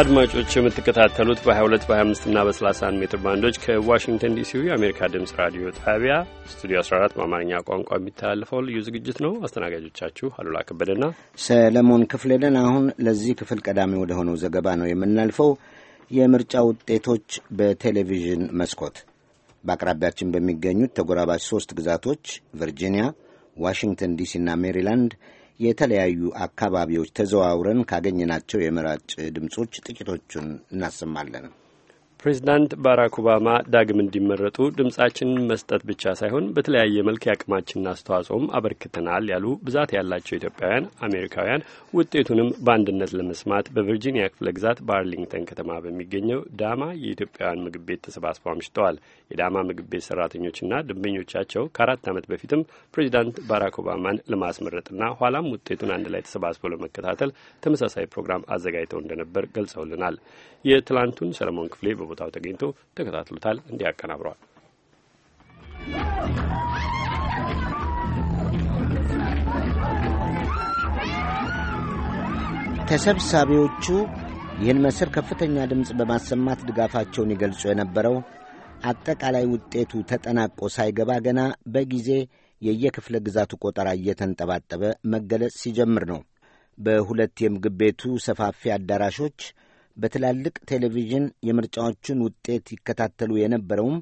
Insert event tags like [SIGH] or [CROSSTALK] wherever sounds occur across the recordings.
አድማጮች የምትከታተሉት በ22 25 እና በ31 ሜትር ባንዶች ከዋሽንግተን ዲሲ የአሜሪካ ድምፅ ራዲዮ ጣቢያ ስቱዲዮ 14 በአማርኛ ቋንቋ የሚተላለፈው ልዩ ዝግጅት ነው። አስተናጋጆቻችሁ አሉላ ከበደና ሰለሞን ክፍሌ ነን። አሁን ለዚህ ክፍል ቀዳሚ ወደ ሆነው ዘገባ ነው የምናልፈው። የምርጫ ውጤቶች በቴሌቪዥን መስኮት በአቅራቢያችን በሚገኙት ተጎራባች ሶስት ግዛቶች ቨርጂኒያ፣ ዋሽንግተን ዲሲና ሜሪላንድ የተለያዩ አካባቢዎች ተዘዋውረን ካገኘናቸው የመራጭ ድምፆች ጥቂቶቹን እናሰማለን። ፕሬዚዳንት ባራክ ኦባማ ዳግም እንዲመረጡ ድምጻችንን መስጠት ብቻ ሳይሆን በተለያየ መልክ የአቅማችንን አስተዋጽኦም አበርክተናል ያሉ ብዛት ያላቸው ኢትዮጵያውያን አሜሪካውያን ውጤቱንም በአንድነት ለመስማት በቨርጂኒያ ክፍለ ግዛት በአርሊንግተን ከተማ በሚገኘው ዳማ የኢትዮጵያውያን ምግብ ቤት ተሰባስበው አምሽተዋል። የዳማ ምግብ ቤት ሰራተኞችና ደንበኞቻቸው ከአራት ዓመት በፊትም ፕሬዚዳንት ባራክ ኦባማን ለማስመረጥና ኋላም ውጤቱን አንድ ላይ ተሰባስበው ለመከታተል ተመሳሳይ ፕሮግራም አዘጋጅተው እንደነበር ገልጸውልናል። የትላንቱን ሰለሞን ክፍሌ ቦታው ተገኝቶ ተከታትሎታል፣ እንዲህ ተሰብሳቢዎቹ ይህን መስር ከፍተኛ ድምፅ በማሰማት ድጋፋቸውን ይገልጹ የነበረው አጠቃላይ ውጤቱ ተጠናቆ ሳይገባ ገና በጊዜ የየክፍለ ግዛቱ ቆጠራ እየተንጠባጠበ መገለጽ ሲጀምር ነው። በሁለት የምግብ ቤቱ ሰፋፊ አዳራሾች በትላልቅ ቴሌቪዥን የምርጫዎቹን ውጤት ይከታተሉ የነበረውም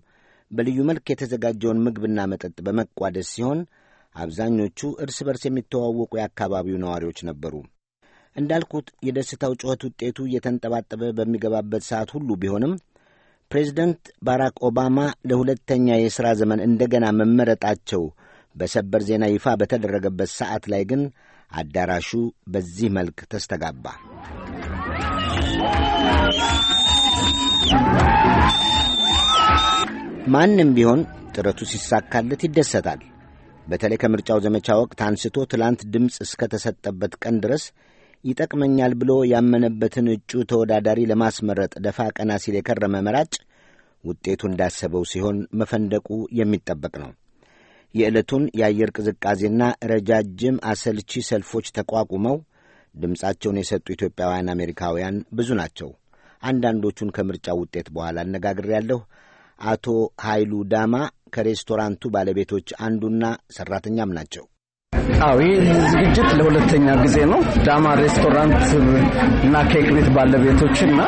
በልዩ መልክ የተዘጋጀውን ምግብና መጠጥ በመቋደስ ሲሆን አብዛኞቹ እርስ በርስ የሚተዋወቁ የአካባቢው ነዋሪዎች ነበሩ። እንዳልኩት የደስታው ጩኸት ውጤቱ እየተንጠባጠበ በሚገባበት ሰዓት ሁሉ ቢሆንም ፕሬዚደንት ባራክ ኦባማ ለሁለተኛ የሥራ ዘመን እንደገና መመረጣቸው በሰበር ዜና ይፋ በተደረገበት ሰዓት ላይ ግን አዳራሹ በዚህ መልክ ተስተጋባ። ማንም ቢሆን ጥረቱ ሲሳካለት ይደሰታል። በተለይ ከምርጫው ዘመቻ ወቅት አንስቶ ትላንት ድምፅ እስከ ተሰጠበት ቀን ድረስ ይጠቅመኛል ብሎ ያመነበትን እጩ ተወዳዳሪ ለማስመረጥ ደፋ ቀና ሲል የከረመ መራጭ ውጤቱ እንዳሰበው ሲሆን መፈንደቁ የሚጠበቅ ነው። የዕለቱን የአየር ቅዝቃዜና ረጃጅም አሰልቺ ሰልፎች ተቋቁመው ድምፃቸውን የሰጡ ኢትዮጵያውያን አሜሪካውያን ብዙ ናቸው። አንዳንዶቹን ከምርጫ ውጤት በኋላ አነጋግሬያለሁ። አቶ ኃይሉ ዳማ ከሬስቶራንቱ ባለቤቶች አንዱና ሠራተኛም ናቸው። አዎ ይህ ዝግጅት ለሁለተኛ ጊዜ ነው። ዳማ ሬስቶራንት እና ኬክ ቤት ባለቤቶች እና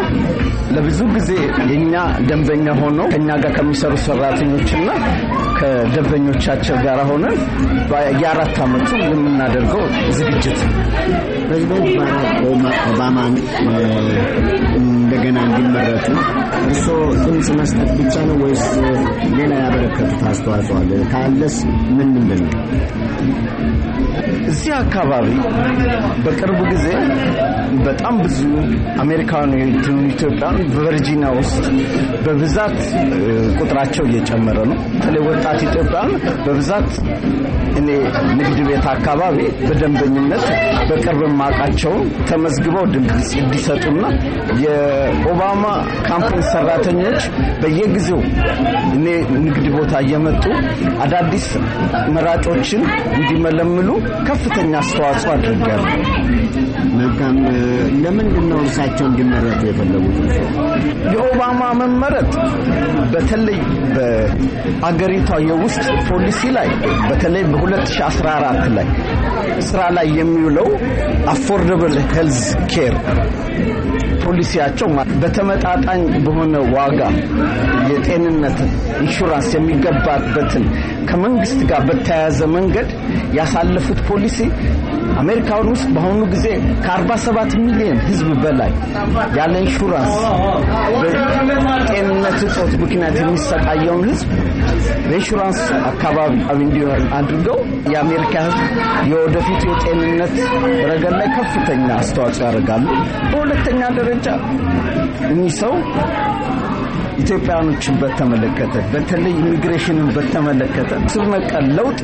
ለብዙ ጊዜ የኛ ደንበኛ ሆነው ከኛ ጋር ከሚሰሩ ሰራተኞች እና ከደንበኞቻቸው ጋር ሆነን የአራት አመቱ የምናደርገው ዝግጅት ፕሬዚደንት ባራክ ኦባማን እንደገና እንዲመረጡ እርስዎ ድምፅ መስጠት ብቻ ነው ወይስ ሌላ ያበረከቱት አስተዋጽኦ አለ? ካለስ ምን ምንድን ነው? እዚህ አካባቢ በቅርቡ ጊዜ በጣም ብዙ አሜሪካን ኢትዮጵያን በቨርጂኒያ ውስጥ በብዛት ቁጥራቸው እየጨመረ ነው። በተለይ ወጣት ኢትዮጵያን በብዛት እኔ ንግድ ቤት አካባቢ በደንበኝነት በቅርብ ማቃቸውን ተመዝግበው ድምፅ እንዲሰጡና የኦባማ ካምፕን ሰራተኞች በየጊዜው እኔ ንግድ ቦታ እየመጡ አዳዲስ መራጮችን እንዲመለመ እንዲያምሉ ከፍተኛ አስተዋጽኦ አድርገዋል። መልካም። ለምንድን ነው እርሳቸው እንዲመረጡ የፈለጉት? የኦባማ መመረጥ በተለይ በአገሪቷ የውስጥ ፖሊሲ ላይ በተለይ በ2014 ላይ ስራ ላይ የሚውለው አፎርደብል ሄልዝ ኬር ፖሊሲያቸው በተመጣጣኝ በሆነ ዋጋ የጤንነትን ኢንሹራንስ የሚገባበትን ከመንግስት ጋር በተያያዘ መንገድ ያሳለፉት ፖሊሲ አሜሪካን ውስጥ በአሁኑ ጊዜ ከ47 ሚሊዮን ህዝብ በላይ ያለ ኢንሹራንስ ጤንነት እጦት ምክንያት የሚሰቃየውን ህዝብ በኢንሹራንስ አካባቢ እንዲሆን አድርገው የአሜሪካ ህዝብ የወደፊት የጤንነት ረገድ ላይ ከፍተኛ አስተዋጽኦ ያደርጋሉ። በሁለተኛ ደረጃ እኚህ ሰው ኢትዮጵያኖችን በተመለከተ በተለይ ኢሚግሬሽንን በተመለከተ ስር ነቀል ለውጥ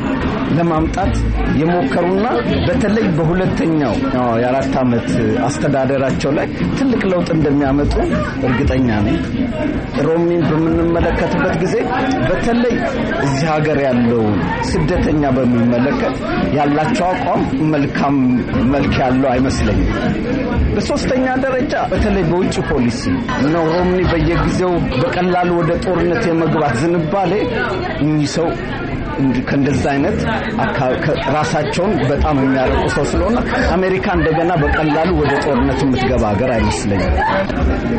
ለማምጣት የሞከሩና በተለይ በሁለተኛው የአራት ዓመት አስተዳደራቸው ላይ ትልቅ ለውጥ እንደሚያመጡ እርግጠኛ ነኝ። ሮሚን በምንመለከትበት ጊዜ በተለይ እዚህ ሀገር ያለውን ስደተኛ በሚመለከት ያላቸው አቋም መልካም መልክ ያለው አይመስለኝም። በሶስተኛ ደረጃ በተለይ በውጭ ፖሊሲ ነው ሮምኒ በየጊዜው በቀላሉ ወደ ጦርነት የመግባት ዝንባሌ እኚህ ሰው ከእንደዛ አይነት ራሳቸውን በጣም የሚያረቁ ሰው ስለሆነ አሜሪካ እንደገና በቀላሉ ወደ ጦርነት የምትገባ ሀገር አይመስለኝም።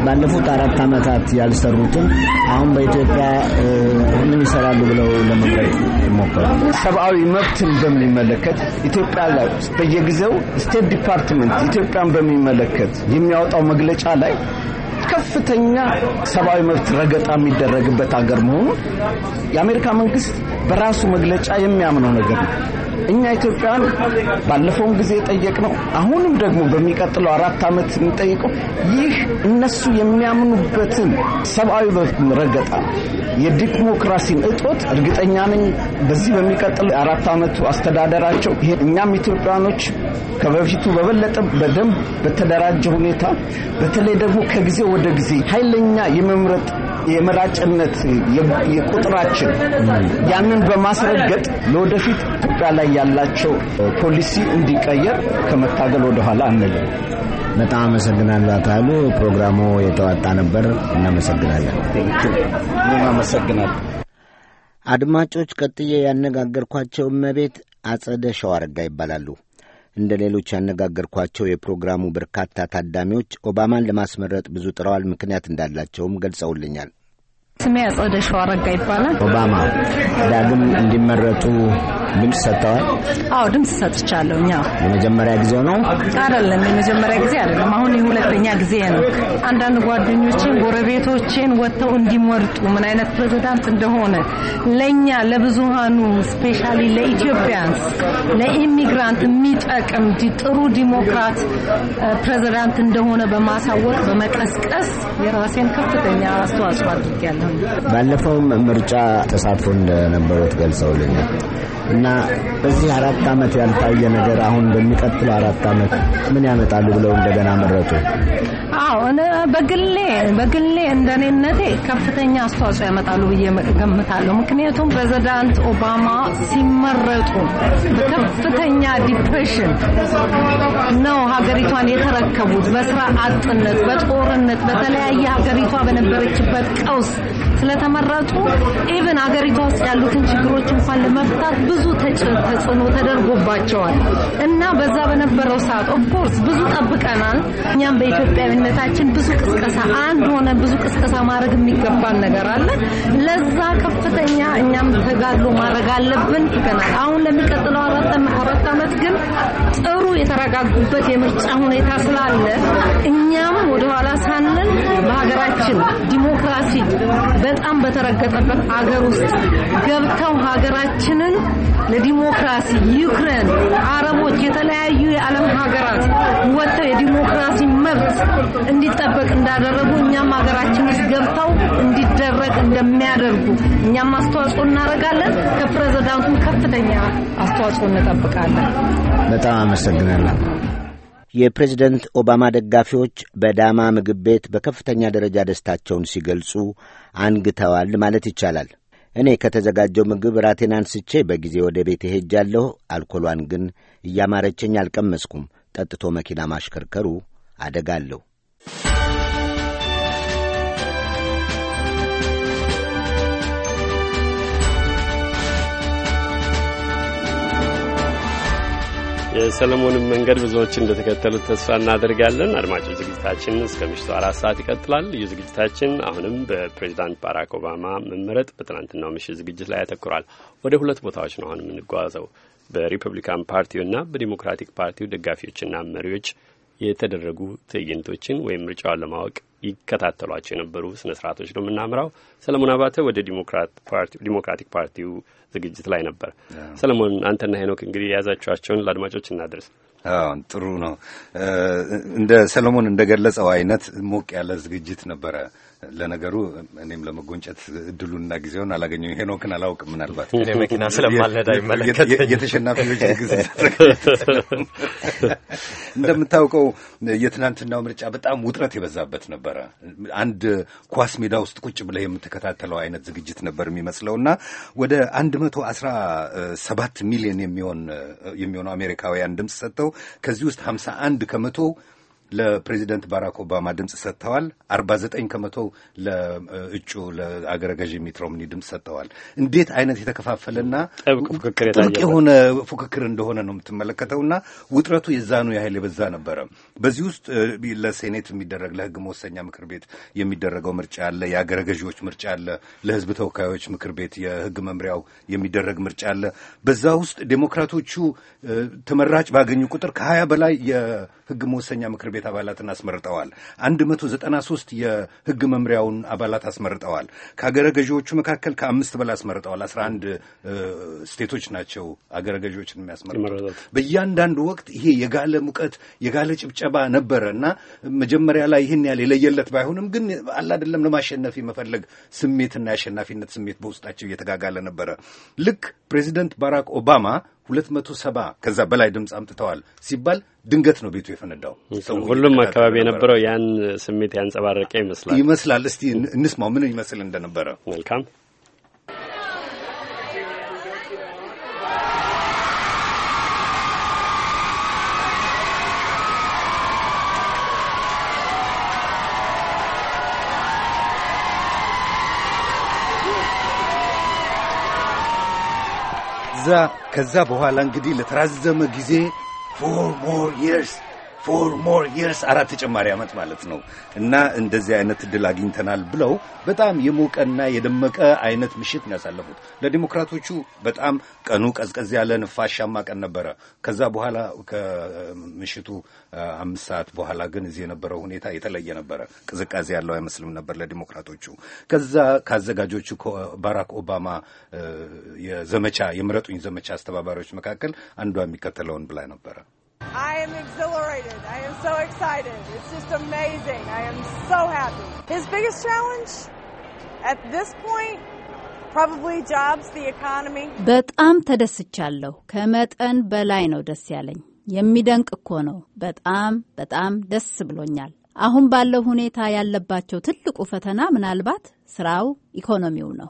ባለፉት አራት ዓመታት ያልሰሩትን አሁን በኢትዮጵያ ምን ይሰራሉ ብለው ለመምረጥ ይሞክራል። ሰብአዊ መብትን በሚመለከት ኢትዮጵያ ላይ በየጊዜው ስቴት ዲፓርትመንት ኢትዮጵያን በሚመለከት የሚያወጣው መግለጫ ላይ ከፍተኛ ሰብአዊ መብት ረገጣ የሚደረግበት አገር መሆኑን የአሜሪካ መንግስት በራሱ መግለጫ የሚያምነው ነገር ነው። እኛ ኢትዮጵያውያን ባለፈውም ጊዜ ጠየቅ ነው፣ አሁንም ደግሞ በሚቀጥለው አራት ዓመት የሚጠይቀው ይህ እነሱ የሚያምኑበትን ሰብአዊ ረገጣ፣ የዲሞክራሲን እጦት እርግጠኛ ነኝ በዚህ በሚቀጥለው አራት ዓመቱ አስተዳደራቸው ይሄ እኛም ኢትዮጵያኖች ከበፊቱ በበለጠ በደንብ በተደራጀ ሁኔታ በተለይ ደግሞ ከጊዜ ወደ ጊዜ ኃይለኛ የመምረጥ የመራጭነት የቁጥራችን ያንን በማስረገጥ ለወደፊት ኢትዮጵያ ላይ ያላቸው ፖሊሲ እንዲቀየር ከመታገል ወደኋላ አንልም። በጣም አመሰግናለሁ። አካሉ ፕሮግራሙ የተዋጣ ነበር። እናመሰግናለን። አመሰግናለሁ። አድማጮች፣ ቀጥዬ ያነጋገርኳቸው እመቤት አጸደ ሸዋረጋ ይባላሉ። እንደ ሌሎች ያነጋገርኳቸው የፕሮግራሙ በርካታ ታዳሚዎች ኦባማን ለማስመረጥ ብዙ ጥረዋል፣ ምክንያት እንዳላቸውም ገልጸውልኛል። ስሜ አጸደ ሸዋረጋ ይባላል። ኦባማ ዳግም እንዲመረጡ ድምፅ ሰጥተዋል። አዎ ድምፅ ሰጥቻለሁ። እኛ የመጀመሪያ ጊዜ ነው አይደለም፣ የመጀመሪያ ጊዜ አይደለም። አሁን የሁለተኛ ጊዜ ነው። አንዳንድ ጓደኞችን ጎረቤቶችን ወጥተው እንዲመርጡ ምን አይነት ፕሬዚዳንት እንደሆነ ለእኛ ለብዙሃኑ ስፔሻሊ ለኢትዮጵያንስ ለኢሚግራንት የሚጠቅም ጥሩ ዲሞክራት ፕሬዚዳንት እንደሆነ በማሳወቅ በመቀስቀስ የራሴን ከፍተኛ አስተዋጽኦ አድርጌያለሁ። ባለፈውም ምርጫ ተሳትፎ እንደነበሩት ገልጸውልኛል። እና በዚህ አራት ዓመት ያልታየ ነገር አሁን በሚቀጥለው አራት ዓመት ምን ያመጣሉ ብለው እንደገና መረጡ? አዎ በግሌ በግሌ እንደኔነቴ ከፍተኛ አስተዋጽኦ ያመጣሉ ብዬ ገምታለሁ። ምክንያቱም ፕሬዚዳንት ኦባማ ሲመረጡ በከፍተኛ ዲፕሬሽን ነው ሀገሪቷን የተረከቡት። በስራ አጥነት፣ በጦርነት፣ በተለያየ ሀገሪቷ በነበረችበት ቀውስ ስለተመረጡ ኢቨን ሀገሪቷ ውስጥ ያሉትን ችግሮች እንኳን ለመፍታት ብዙ ብዙ ተጽዕኖ ተደርጎባቸዋል እና በዛ በነበረው ሰዓት ኦፍኮርስ ብዙ ጠብቀናል። እኛም በኢትዮጵያዊነታችን ብዙ ቅስቀሳ አንድ ሆነ ብዙ ቅስቀሳ ማድረግ የሚገባን ነገር አለ። ለዛ ከፍተኛ እኛም ተጋድሎ ማድረግ አለብን ይገናል። አሁን ለሚቀጥለው አራት ዓመት ግን ጥሩ የተረጋጉበት የምርጫ ሁኔታ ስላለ እኛም ወደኋላ ሳንል በሀገራችን ዲሞክራሲ በጣም በተረገጠበት ሀገር ውስጥ ገብተው ሀገራችንን ለዲሞክራሲ ዩክሬን፣ አረቦች፣ የተለያዩ የዓለም ሀገራት ወጥተው የዲሞክራሲ መብት እንዲጠበቅ እንዳደረጉ እኛም ሀገራችን ውስጥ ገብተው እንዲደረግ እንደሚያደርጉ እኛም አስተዋጽኦ እናደርጋለን። ከፕሬዚዳንቱም ከፍተኛ አስተዋጽኦ እንጠብቃለን። በጣም አመሰግናለሁ። የፕሬዝደንት ኦባማ ደጋፊዎች በዳማ ምግብ ቤት በከፍተኛ ደረጃ ደስታቸውን ሲገልጹ አንግተዋል ማለት ይቻላል። እኔ ከተዘጋጀው ምግብ ራቴን አንስቼ በጊዜ ወደ ቤት ሄጃለሁ። አልኮሏን ግን እያማረችኝ አልቀመስኩም። ጠጥቶ መኪና ማሽከርከሩ አደጋለሁ። የሰለሞንን መንገድ ብዙዎች እንደተከተሉት ተስፋ እናደርጋለን። አድማጮች ዝግጅታችን እስከ ምሽቱ አራት ሰዓት ይቀጥላል። ልዩ ዝግጅታችን አሁንም በፕሬዚዳንት ባራክ ኦባማ መመረጥ በትናንትናው ምሽት ዝግጅት ላይ ያተኩራል። ወደ ሁለት ቦታዎች ነው አሁን የምንጓዘው። በሪፐብሊካን ፓርቲውና በዲሞክራቲክ ፓርቲው ደጋፊዎችና መሪዎች የተደረጉ ትዕይንቶችን ወይም ምርጫውን ለማወቅ ይከታተሏቸው የነበሩ ስነ ስርዓቶች ነው የምናምራው። ሰለሞን አባተ ወደ ዲሞክራቲክ ፓርቲው ዝግጅት ላይ ነበር። ሰለሞን፣ አንተና ሄኖክ እንግዲህ የያዛችኋቸውን ለአድማጮች እናድርስ። አዎ ጥሩ ነው። እንደ ሰለሞን እንደገለጸው አይነት ሞቅ ያለ ዝግጅት ነበረ። ለነገሩ እኔም ለመጎንጨት እድሉንና ጊዜውን አላገኘሁም። ሄኖክን አላውቅም። ምናልባት እኔ መኪና ስለማልነዳ ይመለከተኝ የተሸናፊዎች ድግስ [LAUGHS] እንደምታውቀው የትናንትናው ምርጫ በጣም ውጥረት የበዛበት ነበረ። አንድ ኳስ ሜዳ ውስጥ ቁጭ ብለህ የምትከታተለው አይነት ዝግጅት ነበር የሚመስለው እና ወደ አንድ መቶ አስራ ሰባት ሚሊዮን የሚሆን የሚሆኑ አሜሪካውያን ድምፅ ሰጥተው ከዚህ ውስጥ ሀምሳ አንድ ከመቶ ለፕሬዚደንት ባራክ ኦባማ ድምፅ ሰጥተዋል። 49 ከመቶ ለእጩ ለአገረ ገዢ ሚት ሮምኒ ድምፅ ሰጥተዋል። እንዴት አይነት የተከፋፈለና ጥብቅ የሆነ ፉክክር እንደሆነ ነው የምትመለከተውና ውጥረቱ የዛኑ ያህል የበዛ ነበረ። በዚህ ውስጥ ለሴኔት የሚደረግ ለህግ መወሰኛ ምክር ቤት የሚደረገው ምርጫ አለ፣ የአገረ ገዢዎች ምርጫ አለ፣ ለህዝብ ተወካዮች ምክር ቤት የህግ መምሪያው የሚደረግ ምርጫ አለ። በዛ ውስጥ ዴሞክራቶቹ ተመራጭ ባገኙ ቁጥር ከሀያ በላይ የህግ መወሰኛ ምክር ቤት ቤት አባላትን አስመርጠዋል። 193 መቶ የህግ መምሪያውን አባላት አስመርጠዋል። ከአገረ ገዢዎቹ መካከል ከአምስት በላይ አስመርጠዋል። 11 ስቴቶች ናቸው አገረ ገዢዎችን የሚያስመርጡት። በእያንዳንዱ ወቅት ይሄ የጋለ ሙቀት የጋለ ጭብጨባ ነበረ እና መጀመሪያ ላይ ይህን ያህል የለየለት ባይሆንም ግን አላ አይደለም ለማሸነፍ የመፈለግ ስሜትና የአሸናፊነት ስሜት በውስጣቸው እየተጋጋለ ነበረ። ልክ ፕሬዚደንት ባራክ ኦባማ ሁለት መቶ ሰባ ከዛ በላይ ድምፅ አምጥተዋል ሲባል ድንገት ነው ቤቱ የፈነዳው። ሁሉም አካባቢ የነበረው ያን ስሜት ያንጸባረቀ ይመስላል ይመስላል። እስቲ እንስማው ምን ይመስል እንደነበረ። መልካም ከዛ በኋላ እንግዲህ ለተራዘመ ጊዜ ፎር ሞር ይርስ ፎር ሞር ይርስ አራት ተጨማሪ ዓመት ማለት ነው እና እንደዚህ አይነት እድል አግኝተናል ብለው በጣም የሞቀና የደመቀ አይነት ምሽት ነው ያሳለፉት። ለዲሞክራቶቹ በጣም ቀኑ ቀዝቀዝ ያለ ንፋሻማ ቀን ነበረ። ከዛ በኋላ ከምሽቱ አምስት ሰዓት በኋላ ግን እዚህ የነበረው ሁኔታ የተለየ ነበረ። ቅዝቃዜ ያለው አይመስልም ነበር ለዲሞክራቶቹ። ከዛ ከአዘጋጆቹ ባራክ ኦባማ የዘመቻ የምረጡኝ ዘመቻ አስተባባሪዎች መካከል አንዷ የሚከተለውን ብላ ነበረ። በጣም ተደስቻለሁ። ከመጠን በላይ ነው ደስ ያለኝ። የሚደንቅ እኮ ነው። በጣም በጣም ደስ ብሎኛል። አሁን ባለው ሁኔታ ያለባቸው ትልቁ ፈተና ምናልባት ስራው፣ ኢኮኖሚው ነው።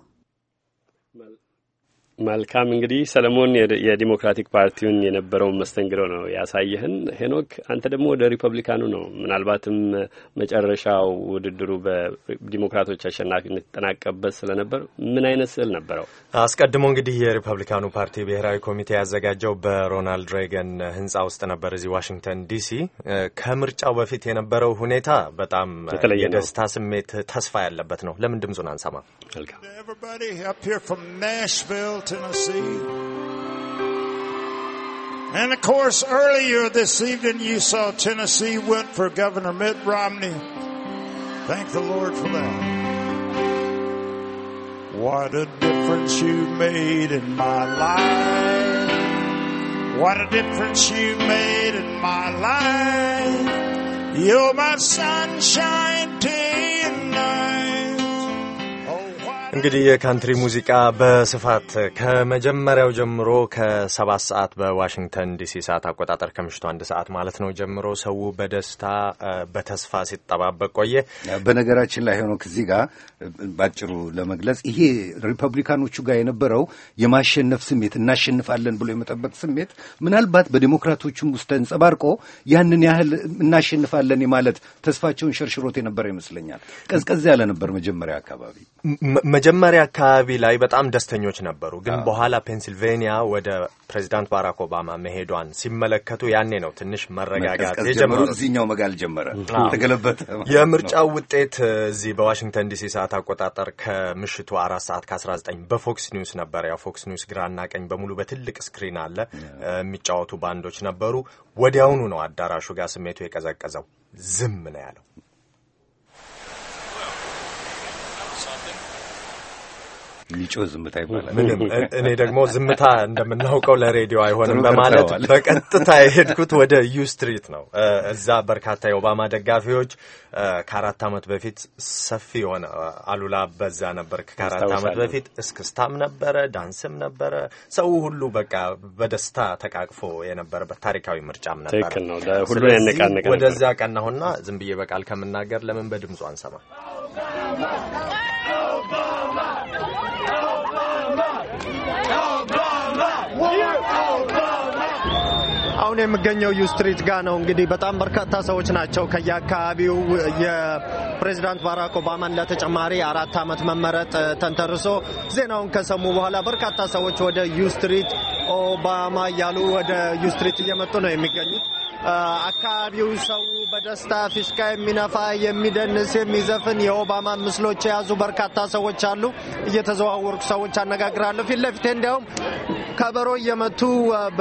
መልካም እንግዲህ ሰለሞን የዲሞክራቲክ ፓርቲውን የነበረውን መስተንግዶ ነው ያሳየህን። ሄኖክ አንተ ደግሞ ወደ ሪፐብሊካኑ ነው ምናልባትም መጨረሻው ውድድሩ በዲሞክራቶች አሸናፊነት የተጠናቀበት ስለነበር ምን አይነት ስዕል ነበረው? አስቀድሞ እንግዲህ የሪፐብሊካኑ ፓርቲ ብሔራዊ ኮሚቴ ያዘጋጀው በሮናልድ ሬገን ህንጻ ውስጥ ነበር እዚህ ዋሽንግተን ዲሲ። ከምርጫው በፊት የነበረው ሁኔታ በጣም የደስታ ስሜት ተስፋ ያለበት ነው። ለምን አንሰማ? መልካም Nashville, Tennessee. And of course, earlier this evening, you saw Tennessee went for Governor Mitt Romney. Thank the Lord for that. What a difference you made in my life. What a difference you made in my life. You're my sunshine, እንግዲህ የካንትሪ ሙዚቃ በስፋት ከመጀመሪያው ጀምሮ ከሰባት ሰዓት በዋሽንግተን ዲሲ ሰዓት አቆጣጠር ከምሽቱ አንድ ሰዓት ማለት ነው ጀምሮ ሰው በደስታ በተስፋ ሲጠባበቅ ቆየ። በነገራችን ላይ ሆኖ ከዚህ ጋር ባጭሩ ለመግለጽ ይሄ ሪፐብሊካኖቹ ጋር የነበረው የማሸነፍ ስሜት እናሸንፋለን ብሎ የመጠበቅ ስሜት ምናልባት በዴሞክራቶቹም ውስጥ ተንጸባርቆ ያንን ያህል እናሸንፋለን የማለት ተስፋቸውን ሸርሽሮት የነበረ ይመስለኛል። ቀዝቀዝ ያለ ነበር መጀመሪያ አካባቢ መጀመሪያ አካባቢ ላይ በጣም ደስተኞች ነበሩ። ግን በኋላ ፔንሲልቬኒያ ወደ ፕሬዚዳንት ባራክ ኦባማ መሄዷን ሲመለከቱ ያኔ ነው ትንሽ መረጋጋት የጀመሩ። እዚህኛው መጋል ጀመረ፣ ተገለበት የምርጫው ውጤት እዚህ በዋሽንግተን ዲሲ ሰዓት አቆጣጠር ከምሽቱ አራት ሰዓት ከአስራ ዘጠኝ በፎክስ ኒውስ ነበረ። ያው ፎክስ ኒውስ ግራና ቀኝ በሙሉ በትልቅ ስክሪን አለ፣ የሚጫወቱ ባንዶች ነበሩ። ወዲያውኑ ነው አዳራሹ ጋር ስሜቱ የቀዘቀዘው። ዝም ነው ያለው። የሚጮህ ዝምታ ይባላል። እኔ ደግሞ ዝምታ እንደምናውቀው ለሬዲዮ አይሆንም በማለት በቀጥታ የሄድኩት ወደ ዩ ስትሪት ነው። እዛ በርካታ የኦባማ ደጋፊዎች ከአራት ዓመት በፊት ሰፊ የሆነ አሉላ በዛ ነበር። ከአራት ዓመት በፊት እስክስታም ነበረ፣ ዳንስም ነበረ። ሰው ሁሉ በቃ በደስታ ተቃቅፎ የነበረበት ታሪካዊ ምርጫም ነበረ። ትክክል ነው። ሁሉ ያነቃነቀ ወደዚያ ቀናሁና ዝም ብዬ በቃል ከምናገር ለምን በድምፁ አንሰማ አሁን የምገኘው ዩ ስትሪት ጋ ነው። እንግዲህ በጣም በርካታ ሰዎች ናቸው ከየአካባቢው የፕሬዚዳንት ባራክ ኦባማን ለተጨማሪ አራት ዓመት መመረጥ ተንተርሶ ዜናውን ከሰሙ በኋላ በርካታ ሰዎች ወደ ዩ ስትሪት ኦባማ እያሉ ወደ ዩ ስትሪት እየመጡ ነው የሚገኙት። አካባቢው ሰው በደስታ ፊሽካ የሚነፋ የሚደንስ የሚዘፍን የኦባማ ምስሎች የያዙ በርካታ ሰዎች አሉ። እየተዘዋወርኩ ሰዎች አነጋግራለሁ። ፊት ለፊቴ እንዲያውም ከበሮ እየመቱ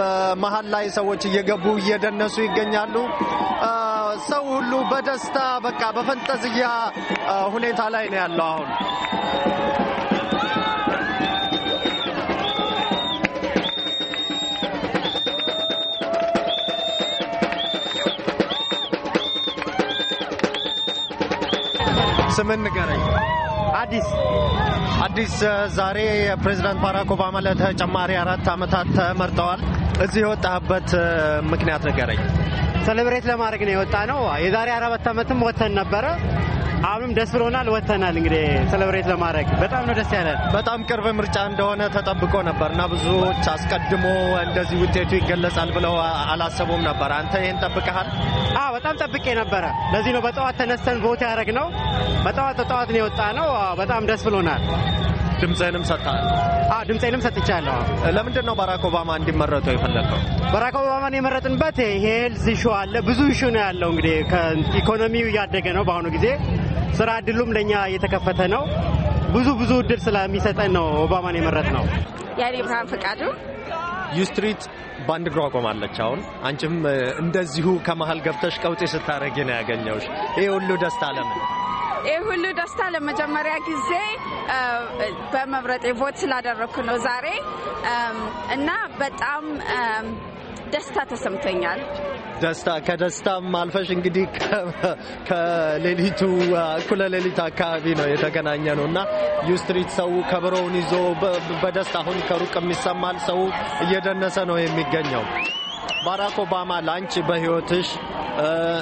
በመሀል ላይ ሰዎች እየገቡ እየደነሱ ይገኛሉ። ሰው ሁሉ በደስታ በቃ በፈንጠዝያ ሁኔታ ላይ ነው ያለው አሁን ስምን ንገረኝ። አዲስ አዲስ፣ ዛሬ የፕሬዚዳንት ባራክ ኦባማ ለተጨማሪ አራት ዓመታት ተመርጠዋል። እዚህ የወጣህበት ምክንያት ንገረኝ። ሴሌብሬት ለማድረግ ነው የወጣ ነው። የዛሬ አራት ዓመትም ወተን ነበረ አሁንም ደስ ብሎናል። ወጥተናል እንግዲህ ሴሌብሬት ለማድረግ በጣም ነው ደስ ያለን። በጣም ቅርብ ምርጫ እንደሆነ ተጠብቆ ነበር እና ብዙዎች አስቀድሞ እንደዚህ ውጤቱ ይገለጻል ብለው አላሰቡም ነበር። አንተ ይህን ጠብቀሃል? አዎ በጣም ጠብቄ ነበረ። ለዚህ ነው በጠዋት ተነስተን ቦት ያደረግ ነው። በጠዋት ተጠዋት ነው የወጣ ነው። በጣም ደስ ብሎናል። ድምፅህንም ሰጥተሃል? አዎ ድምፅህንም ሰጥቻለሁ። ለምንድን ነው ባራክ ኦባማ እንዲመረጡ የፈለገው? ባራክ ኦባማን የመረጥንበት ይሄ ሄልዝ ኢሹ አለ። ብዙ ኢሹ ነው ያለው። እንግዲህ ኢኮኖሚው እያደገ ነው በአሁኑ ጊዜ ስራ እድሉም ለእኛ እየተከፈተ ነው። ብዙ ብዙ እድል ስለሚሰጠን ነው ኦባማን የመረጥ ነው። ያኔ ብርሃን ፈቃዱ ዩስትሪት በአንድ እግሯ ቆማለች። አሁን አንቺም እንደዚሁ ከመሀል ገብተሽ ቀውጤ ስታደረግ ነው ያገኘውሽ። ይህ ሁሉ ደስታ ለምን? ይህ ሁሉ ደስታ ለመጀመሪያ ጊዜ በመብረጤ ቮት ስላደረግኩ ነው ዛሬ እና በጣም ደስታ ተሰምቶኛል። ደስታ ከደስታም አልፈሽ እንግዲህ [LAUGHS] ከሌሊቱ እኩለ ሌሊት አካባቢ ነው የተገናኘ ነው እና ዩስትሪት ሰው ከበሮውን ይዞ በደስታ አሁን ከሩቅ የሚሰማል ሰው እየደነሰ ነው የሚገኘው። ባራክ ኦባማ ላንች በህይወትሽ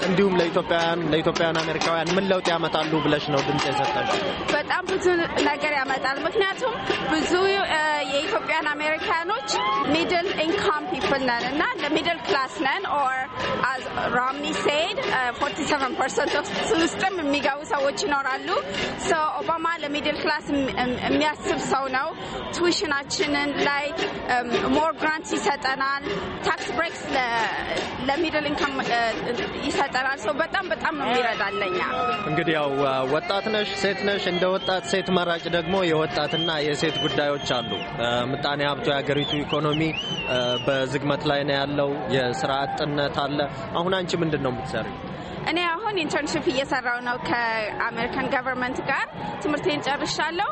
እንዲሁም ለኢትዮጵያውያን ለኢትዮጵያውያን አሜሪካውያን ምን ለውጥ ያመጣሉ ብለሽ ነው ድምጽ የሰጠች? በጣም ብዙ ነገር ያመጣል። ምክንያቱም ብዙ የኢትዮጵያን አሜሪካኖች ሚድል ኢንካም ፒፕል ነን እና ሚድል ክላስ ነን ኦር አዝ ራምኒ ሴድ ፎርቲ ፐርሰንት ውስጥም የሚገቡ ሰዎች ይኖራሉ። ኦባማ ለሚድል ክላስ የሚያስብ ሰው ነው። ቱዊሽናችንን ላይ ሞር ግራንት ይሰጠናል። ታክስ ብሬክስ ለሚድል ኢንካም ይሰጠናል። ሰው በጣም በጣም ነው የሚረዳን ለኛ። እንግዲህ ያው ወጣት ነሽ፣ ሴት ነሽ። እንደ ወጣት ሴት መራጭ ደግሞ የወጣትና የሴት ጉዳዮች አሉ። ምጣኔ ሀብቶ የሀገሪቱ ኢኮኖሚ በዝግመት ላይ ነው ያለው። የስራ አጥነት አለ። አሁን አንቺ ምንድን ነው የምትሰሪው? እኔ አሁን ኢንተርንሽፕ እየሰራው ነው ከአሜሪካን ገቨርንመንት ጋር ትምህርቴን ጨርሻለሁ።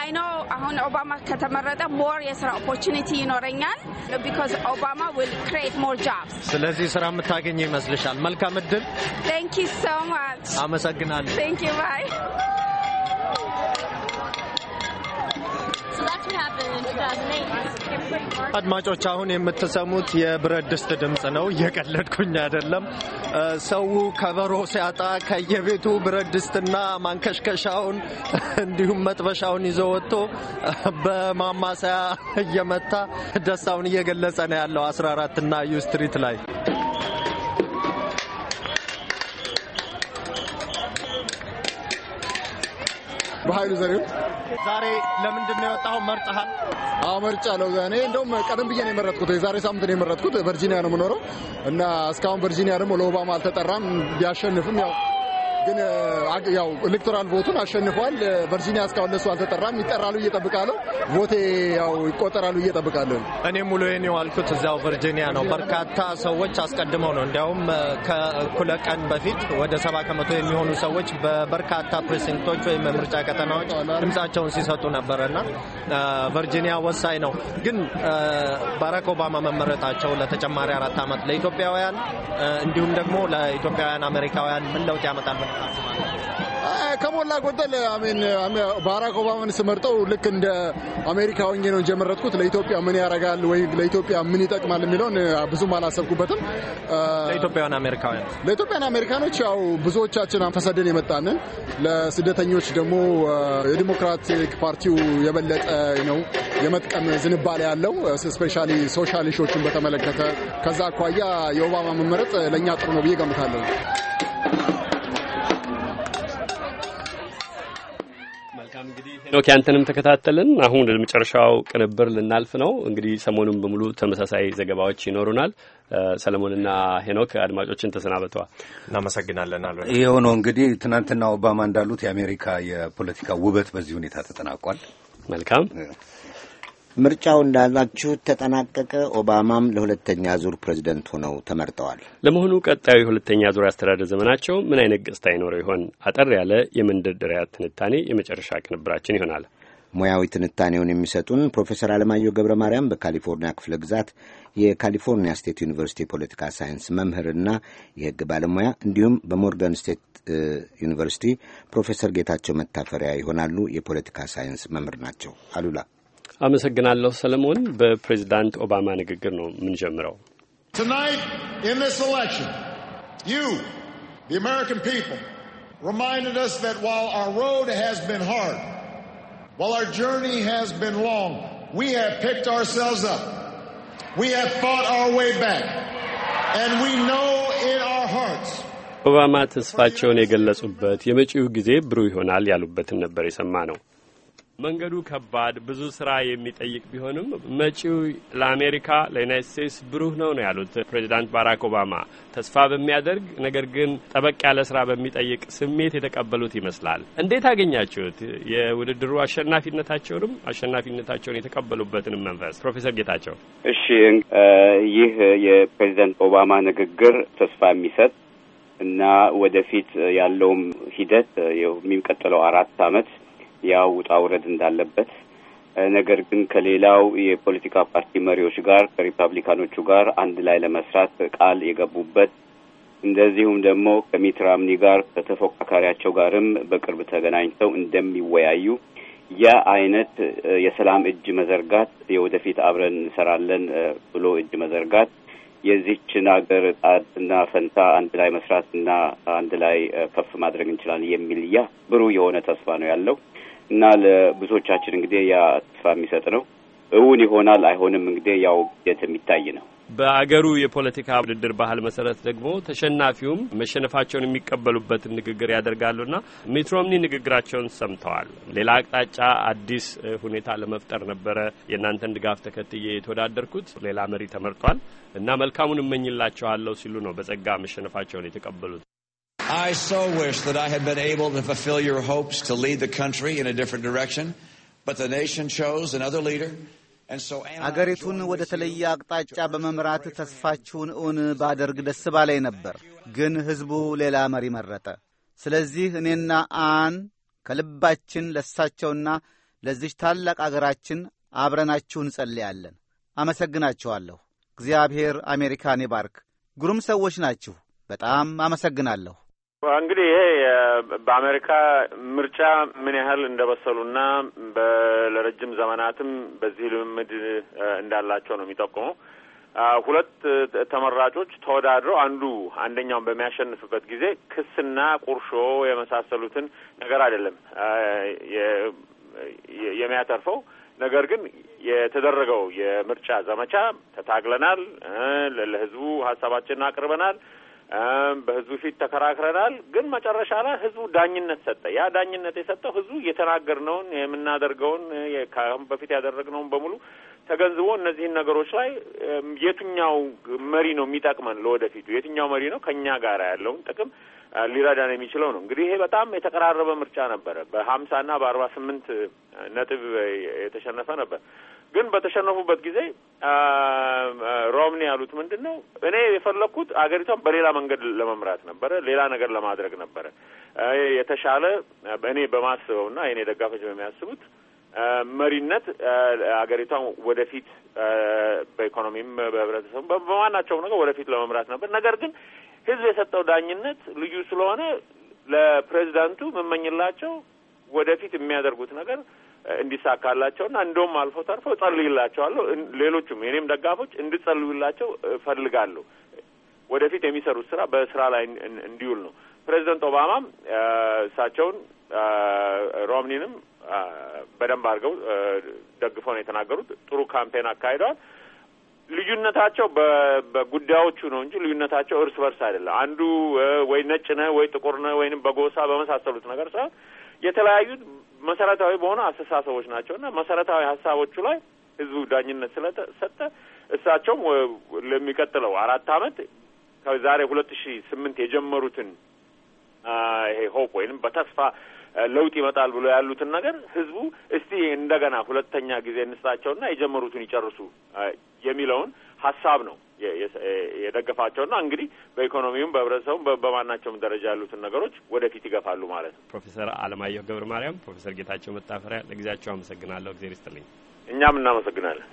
አይኖ um, አሁን ኦባማ ከተመረጠ ሞር የስራ ኦፖርቹኒቲ ይኖረኛል ቢኮዝ ኦባማ ዊል ክሬት ሞር ጃብስ። ስለዚህ ስራ የምታገኘ ይመስልሻል? መልካም እድል። ቴንክ ዩ ሶ ማች። አመሰግናለሁ። ቴንክ ዩ ባይ አድማጮች አሁን የምትሰሙት የብረት ድስት ድምፅ ነው። እየቀለድኩኝ አይደለም። ሰው ከበሮ ሲያጣ ከየቤቱ ብረት ድስትና ማንከሽከሻውን እንዲሁም መጥበሻውን ይዞ ወጥቶ በማማሰያ እየመታ ደስታውን እየገለጸ ነው ያለው 14 እና ዩ ስትሪት ላይ በኃይሉ ዘሪሁን ዛሬ ለምንድን ነው የወጣኸው? መርጠሃል? አዎ መርጫለሁ። እኔ እንደውም ቀደም ብዬ ነው የመረጥኩት። የዛሬ ሳምንት ነው የመረጥኩት። ቨርጂኒያ ነው የምኖረው እና እስካሁን ቨርጂኒያ ደግሞ ለኦባማ አልተጠራም። ቢያሸንፍም ያው ግን ያው ኤሌክቶራል ቮቱን አሸንፏል። ቨርጂኒያ እስካሁን እነሱ አልተጠራም። ይጠራሉ እየጠብቃሉ። ቮቴ ያው ይቆጠራሉ እየጠብቃሉ። እኔም ሙሉ ኔ አልኩት እዚያው ቨርጂኒያ ነው። በርካታ ሰዎች አስቀድመው ነው እንዲያውም ከእኩለ ቀን በፊት ወደ ሰባ ከመቶ የሚሆኑ ሰዎች በበርካታ ፕሬሲንክቶች ወይም ምርጫ ቀጠናዎች ድምጻቸውን ሲሰጡ ነበረና ቨርጂኒያ ወሳኝ ነው። ግን ባራክ ኦባማ መመረጣቸው ለተጨማሪ አራት ዓመት ለኢትዮጵያውያን እንዲሁም ደግሞ ለኢትዮጵያውያን አሜሪካውያን ምን ለውጥ ያመጣል? ከሞላ ጎደል ባራክ ኦባማን ስመርጠው ልክ እንደ አሜሪካ ሆኜ ነው እንጂ ለኢትዮጵያ ምን ያደርጋል ወይ ለኢትዮጵያ ምን ይጠቅማል የሚለውን ብዙም አላሰብኩበትም። ለኢትዮጵያውያን አሜሪካውያን ለኢትዮጵያውያን አሜሪካኖች ያው ብዙዎቻችን አንፈሰደን የመጣንን ለስደተኞች ደግሞ የዲሞክራቲክ ፓርቲው የበለጠ ነው የመጥቀም ዝንባሌ ያለው ስፔሻሊ ሶሻል በተመለከተ ከዛ አኳያ የኦባማ መመረጥ ለእኛ ጥሩ ነው ብዬ ገምታለሁ። ሄኖክ ያንተንም ተከታተልን። አሁን ወደ ቅንብር ልናልፍ ነው። እንግዲህ ሰሞኑን በሙሉ ተመሳሳይ ዘገባዎች ይኖሩናል። ሰለሞንና ሄኖክ አድማጮችን ተሰናብተዋል። እናመሰግናለን። አሉ ይኸው ነው እንግዲህ ትናንትና ኦባማ እንዳሉት የአሜሪካ የፖለቲካ ውበት በዚህ ሁኔታ ተጠናቋል። መልካም ምርጫው እንዳላችሁ ተጠናቀቀ። ኦባማም ለሁለተኛ ዙር ፕሬዚደንት ሆነው ተመርጠዋል። ለመሆኑ ቀጣዩ የሁለተኛ ዙር አስተዳደር ዘመናቸው ምን አይነት ገጽታ ይኖረው ይሆን? አጠር ያለ የመንደርደሪያ ትንታኔ የመጨረሻ ቅንብራችን ይሆናል። ሙያዊ ትንታኔውን የሚሰጡን ፕሮፌሰር አለማየሁ ገብረ ማርያም በካሊፎርኒያ ክፍለ ግዛት የካሊፎርኒያ ስቴት ዩኒቨርሲቲ የፖለቲካ ሳይንስ መምህርና የሕግ ባለሙያ እንዲሁም በሞርጋን ስቴት ዩኒቨርሲቲ ፕሮፌሰር ጌታቸው መታፈሪያ ይሆናሉ። የፖለቲካ ሳይንስ መምህር ናቸው። አሉላ አመሰግናለሁ ሰለሞን። በፕሬዚዳንት ኦባማ ንግግር ነው የምንጀምረው። ኦባማ ተስፋቸውን የገለጹበት የመጪው ጊዜ ብሩህ ይሆናል ያሉበትን ነበር የሰማ ነው። መንገዱ ከባድ ብዙ ስራ የሚጠይቅ ቢሆንም መጪው ለአሜሪካ ለዩናይት ስቴትስ ብሩህ ነው ነው ያሉት ፕሬዚዳንት ባራክ ኦባማ ተስፋ በሚያደርግ ነገር ግን ጠበቅ ያለ ስራ በሚጠይቅ ስሜት የተቀበሉት ይመስላል። እንዴት አገኛችሁት? የውድድሩ አሸናፊነታቸውንም አሸናፊነታቸውን የተቀበሉበትንም መንፈስ ፕሮፌሰር ጌታቸው። እሺ፣ ይህ የፕሬዚዳንት ኦባማ ንግግር ተስፋ የሚሰጥ እና ወደፊት ያለውም ሂደት የሚቀጥለው አራት አመት ያው ውጣ ውረድ እንዳለበት ነገር ግን ከሌላው የፖለቲካ ፓርቲ መሪዎች ጋር ከሪፐብሊካኖቹ ጋር አንድ ላይ ለመስራት ቃል የገቡበት እንደዚሁም ደግሞ ከሚት ራምኒ ጋር ከተፎካካሪያቸው ጋርም በቅርብ ተገናኝተው እንደሚወያዩ ያ አይነት የሰላም እጅ መዘርጋት የወደፊት አብረን እንሰራለን ብሎ እጅ መዘርጋት የዚህችን ሀገር ጣድና ፈንታ አንድ ላይ መስራትና አንድ ላይ ከፍ ማድረግ እንችላለን የሚል ያ ብሩህ የሆነ ተስፋ ነው ያለው። እና ለብዙዎቻችን እንግዲህ ያ ተስፋ የሚሰጥ ነው። እውን ይሆናል አይሆንም እንግዲህ ያው ሂደት የሚታይ ነው። በአገሩ የፖለቲካ ውድድር ባህል መሰረት ደግሞ ተሸናፊውም መሸነፋቸውን የሚቀበሉበትን ንግግር ያደርጋሉና ሚትሮምኒ ንግግራቸውን ሰምተዋል። ሌላ አቅጣጫ አዲስ ሁኔታ ለመፍጠር ነበረ የእናንተን ድጋፍ ተከትዬ የተወዳደርኩት ሌላ መሪ ተመርጧል እና መልካሙን እመኝላቸዋለሁ ሲሉ ነው በጸጋ መሸነፋቸውን የተቀበሉት። I so wish that I had been able to fulfill your hopes to lead the country in a different direction, but the nation chose another leader. አገሪቱን ወደ ተለየ አቅጣጫ በመምራት ተስፋችሁን እውን ባደርግ ደስ ባላይ ነበር፣ ግን ሕዝቡ ሌላ መሪ መረጠ። ስለዚህ እኔና አን ከልባችን ለሳቸውና ለዚች ታላቅ አገራችን አብረናችሁ እንጸልያለን። አመሰግናችኋለሁ። እግዚአብሔር አሜሪካን ይባርክ። ግሩም ሰዎች ናችሁ። በጣም አመሰግናለሁ። እንግዲህ ይሄ በአሜሪካ ምርጫ ምን ያህል እንደበሰሉና ለረጅም ዘመናትም በዚህ ልምምድ እንዳላቸው ነው የሚጠቁመው። ሁለት ተመራጮች ተወዳድረው አንዱ አንደኛውን በሚያሸንፍበት ጊዜ ክስና ቁርሾ የመሳሰሉትን ነገር አይደለም የሚያተርፈው። ነገር ግን የተደረገው የምርጫ ዘመቻ ተታግለናል፣ ለህዝቡ ሀሳባችንን አቅርበናል በህዝቡ ፊት ተከራክረናል። ግን መጨረሻ ላይ ህዝቡ ዳኝነት ሰጠ። ያ ዳኝነት የሰጠው ህዝቡ እየተናገርነውን የምናደርገውን ከአሁን በፊት ያደረግነውን በሙሉ ተገንዝቦ እነዚህን ነገሮች ላይ የትኛው መሪ ነው የሚጠቅመን ለወደፊቱ፣ የትኛው መሪ ነው ከእኛ ጋር ያለውን ጥቅም ሊረዳን የሚችለው ነው። እንግዲህ ይሄ በጣም የተቀራረበ ምርጫ ነበረ። በሀምሳና በአርባ ስምንት ነጥብ የተሸነፈ ነበር። ግን በተሸነፉበት ጊዜ ሮምኒ ያሉት ምንድን ነው? እኔ የፈለግኩት አገሪቷን በሌላ መንገድ ለመምራት ነበረ፣ ሌላ ነገር ለማድረግ ነበረ የተሻለ እኔ በማስበው እና የኔ ደጋፊዎች በሚያስቡት መሪነት አገሪቷን ወደፊት በኢኮኖሚም በህብረተሰቡ በማናቸውም ነገር ወደፊት ለመምራት ነበር። ነገር ግን ህዝብ የሰጠው ዳኝነት ልዩ ስለሆነ ለፕሬዚዳንቱ የምመኝላቸው ወደፊት የሚያደርጉት ነገር እንዲሳካላቸውና እንደውም አልፎ ተርፎ ጸልይላቸዋለሁ። ሌሎቹም የኔም ደጋፎች እንድጸልዩላቸው እፈልጋለሁ። ወደፊት የሚሰሩት ስራ በስራ ላይ እንዲውል ነው። ፕሬዚደንት ኦባማም እሳቸውን ሮምኒንም በደንብ አድርገው ደግፈው ነው የተናገሩት። ጥሩ ካምፔን አካሂደዋል። ልዩነታቸው በጉዳዮቹ ነው እንጂ ልዩነታቸው እርስ በርስ አይደለም። አንዱ ወይ ነጭ ነህ ወይ ጥቁር ነህ ወይንም በጎሳ በመሳሰሉት ነገር ሳይሆን የተለያዩት መሰረታዊ በሆነ አስተሳሰቦች ናቸው እና መሰረታዊ ሀሳቦቹ ላይ ህዝቡ ዳኝነት ስለሰጠ እሳቸውም ለሚቀጥለው አራት አመት ከዛሬ ሁለት ሺ ስምንት የጀመሩትን ይሄ ሆፕ ወይንም በተስፋ ለውጥ ይመጣል ብሎ ያሉትን ነገር ህዝቡ እስቲ እንደገና ሁለተኛ ጊዜ እንስጣቸውና የጀመሩትን ይጨርሱ የሚለውን ሀሳብ ነው የደገፋቸውና እንግዲህ በኢኮኖሚውም በህብረተሰቡም በማናቸውም ደረጃ ያሉትን ነገሮች ወደፊት ይገፋሉ ማለት ነው። ፕሮፌሰር አለማየሁ ገብረ ማርያም፣ ፕሮፌሰር ጌታቸው መታፈሪያ ለጊዜያቸው አመሰግናለሁ። እግዜር ይስጥልኝ። እኛም እናመሰግናለን።